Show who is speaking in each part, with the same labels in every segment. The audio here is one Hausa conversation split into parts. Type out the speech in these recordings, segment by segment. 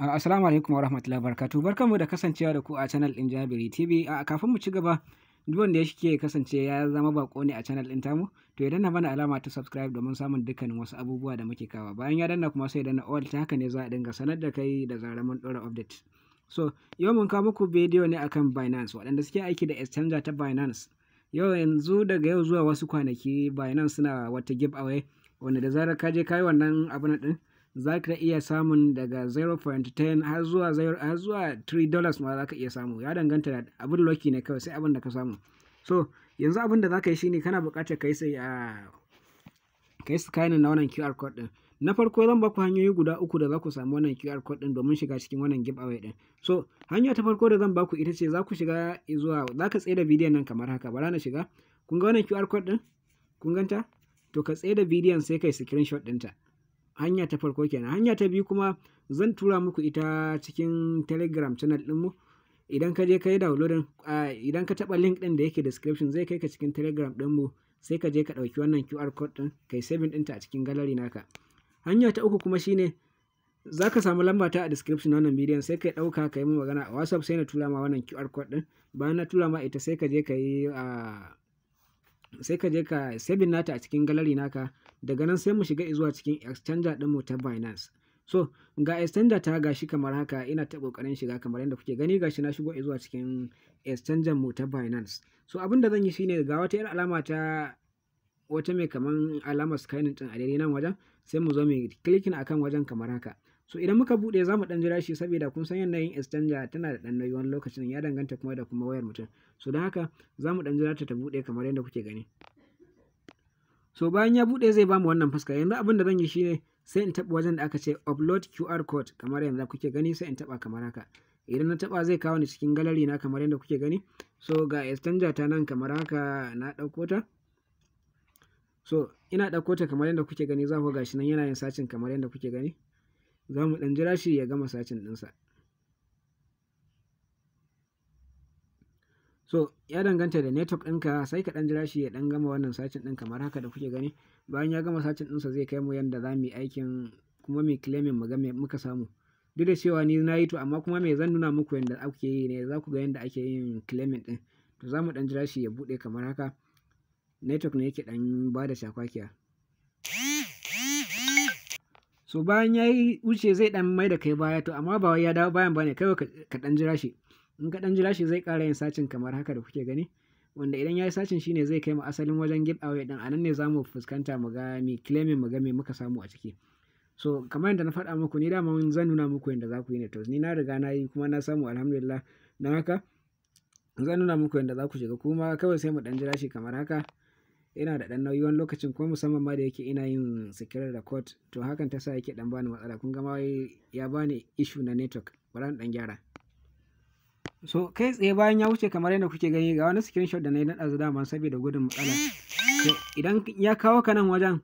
Speaker 1: Assalamu alaikum warahmatullahi wabarakatuh. Barkanmu da kasancewa da ku a channel din Jabiri TV. A kafin mu ci gaba, duk wanda ya shike kasance ya zama bako ne a channel din tamu, to ya danna mana alama ta subscribe domin samun dukkanin wasu abubuwa da muke kawa. Bayan ya danna kuma sai danna all ta haka ne za a dinga sanar da kai da zarar mun dora update. So, yau mun kawo muku bidiyo ne akan Binance, waɗanda suke aiki da exchanger ta Binance. Yau yanzu daga yau zuwa wasu kwanaki Binance suna wata giveaway wanda da zarar ka je kai wannan na din za ka iya samun daga 0.10 har zuwa har zuwa 3 dollars ma za ka iya samu ya danganta da abin loki ne kawai sai abin da ka samu so yanzu abin da za ka yi shine kana buƙatar ka yi sai a ah, ka yi scanning na wannan QR code din na farko zan baku hanyoyi guda uku da za ku samu wannan QR code din domin shiga cikin wannan giveaway din so hanya ta farko da zan baku ita ce za ku shiga zuwa za ka tsaye da bidiyon nan kamar haka bara na shiga kun ga wannan QR code din kun ganta to ka tsaye da bidiyon sai kai screenshot ɗinta hanya ta farko kenan hanya ta biyu kuma zan tura muku ita cikin telegram channel dinmu idan ka je ka yi downloading idan ka taba link din da yake description zai kai ka cikin telegram dinmu sai ka je ka dauki wannan qr code din ka yi saving dinta a cikin gallery naka hanya ta uku kuma shine za ka samu lamba ta a description wannan bidiyon sai ka dauka ka yi magana a whatsapp sai na tura ma wannan qr code din bayan na tura ma ita sai ka je ka yi sai ka je ka sabin nata a cikin gallery naka daga nan sai mu shiga zuwa cikin exchanger ɗinmu ta Binance so ga exchanger ta gashi kamar haka ina ta kokarin shiga kamar yadda kuke gani gashi na shigo zuwa cikin exchanger mu ta Binance so abin da zan yi shine ga wata 'yar alama ta wata mai kaman alamar scanning din a daidai nan wajen sai mu zo mu clicking akan wajen kamar haka so idan muka bude zamu mu jira shi saboda kun san yanayin exchanger tana da dan nauyi wani lokacin ya danganta kuma da kuma wayar mutum so don haka zamu mu jira ta ta bude kamar yadda kuke gani so bayan ya bude zai bamu wannan fuska yanzu abin da zan yi shine sai in taba wajen da aka ce upload QR code kamar yadda kuke gani sai in taba kamar haka idan na taba zai kawo ni cikin gallery na kamar yadda kuke gani so ga ta nan kamar haka na ɗauko ta so ina ɗauko ta kamar yadda kuke gani za ku ga shi nan yana yin sacin kamar yadda kuke gani za mu ɗan jira shi ya gama sacin ɗinsa so ya danganta da network ɗinka sai ka ɗan jira shi ya ɗan gama wannan sacin ɗin kamar haka da kuke gani bayan ya gama sacin ɗinsa zai kai mu yanda za mu yi aikin kuma mai claiming mu ga muka samu duk da cewa ni na yi to amma kuma me zan nuna muku yanda ake yi ne za ku ga yadda ake yin claiming ɗin to za mu ɗan jira shi ya buɗe kamar haka network ne yake ɗan ba da shakwakiya so bayan ya yi wuce zai dan mai da kai baya to amma ba wai ya dawo bayan bane kai ka dan jira shi in ka dan jira shi zai kara yin sacin kamar haka da kuke gani wanda idan ya yi sacin shine zai kai mu asalin wajen give away din anan ne zamu fuskanta mu ga mi claiming mu ga me muka samu a ciki so kamar yadda na faɗa muku ni dama zan nuna muku yadda za ku yi ne to ni na riga na yi kuma na samu alhamdulillah don haka zan nuna muku yadda za ku shiga kuma kawai sai mu dan jira shi kamar haka yana da ɗan nauyi wani lokacin kuma musamman ma da yake ina yin da record to hakan ta sa yake ɗan bani matsala kun gama ya bani ishu na network bari dan gyara so kai tsaye bayan ya wuce kamar yadda kuke gani ga wani screenshot da na yi na ɗazu dama saboda gudun matsala to idan ya kawo ka nan wajen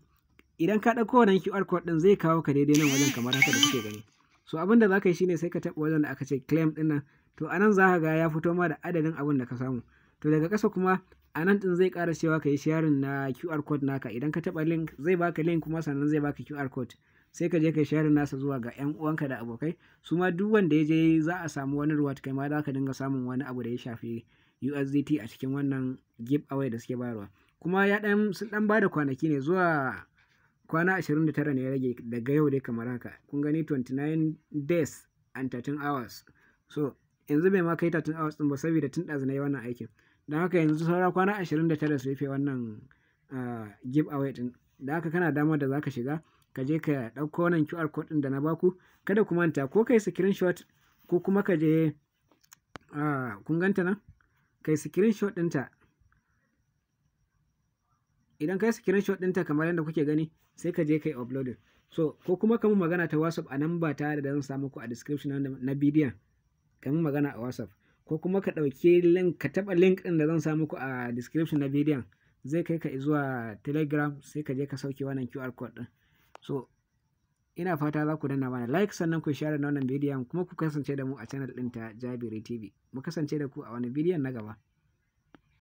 Speaker 1: idan ka ɗauko wannan QR code din zai kawo ka daidai nan wajen kamar haka da kuke gani so abin da za ka yi shine sai ka taɓa wajen da aka ce claim ɗin nan to anan za ka ga ya fito ma da adadin abin da ka samu to daga ƙasa kuma a nan din zai kara cewa ka yi sharin na QR code naka idan ka taba link zai baka link kuma sannan zai baka QR code sai ka je ka sharin nasa zuwa ga yan uwanka da abokai su ma duk wanda ya je za a samu wani ruwa kai ma za ka dinga samun wani abu da ya shafi USDT a cikin wannan giveaway da suke bayarwa kuma ya dan sun dan bada kwanaki ne zuwa kwana 29 ne ya rage daga yau dai kamar haka kun gani 29 days and 13 hours so yanzu bai ma kai 13 hours din ba saboda tun ɗazu na yi wannan aikin don haka yanzu saura kwana 29 su rufe wannan give away din da haka kana damar da zaka shiga ka je ka ɗauko wannan QR code din da na baku kada ku manta ko kai screenshot ko kuma ka je kun ganta nan kai screenshot ɗinta idan kai screenshot ɗinta kamar yadda kuke gani sai ka je kai upload so ko kuma ka magana ta WhatsApp a nan ta da zan samu ku a description na bidiyon ka magana a WhatsApp ko kuma ka ɗauki link ka taɓa link ɗin da zan sa muku a description na bidiyon zai kai ka zuwa telegram sai ka je ka sauke wannan qr code ɗin so ina fata za ku danna mana like sannan ku share na wannan bidiyon kuma ku kasance da mu a channel ɗin ta jabiri tv mu kasance da ku a wani bidiyon na gaba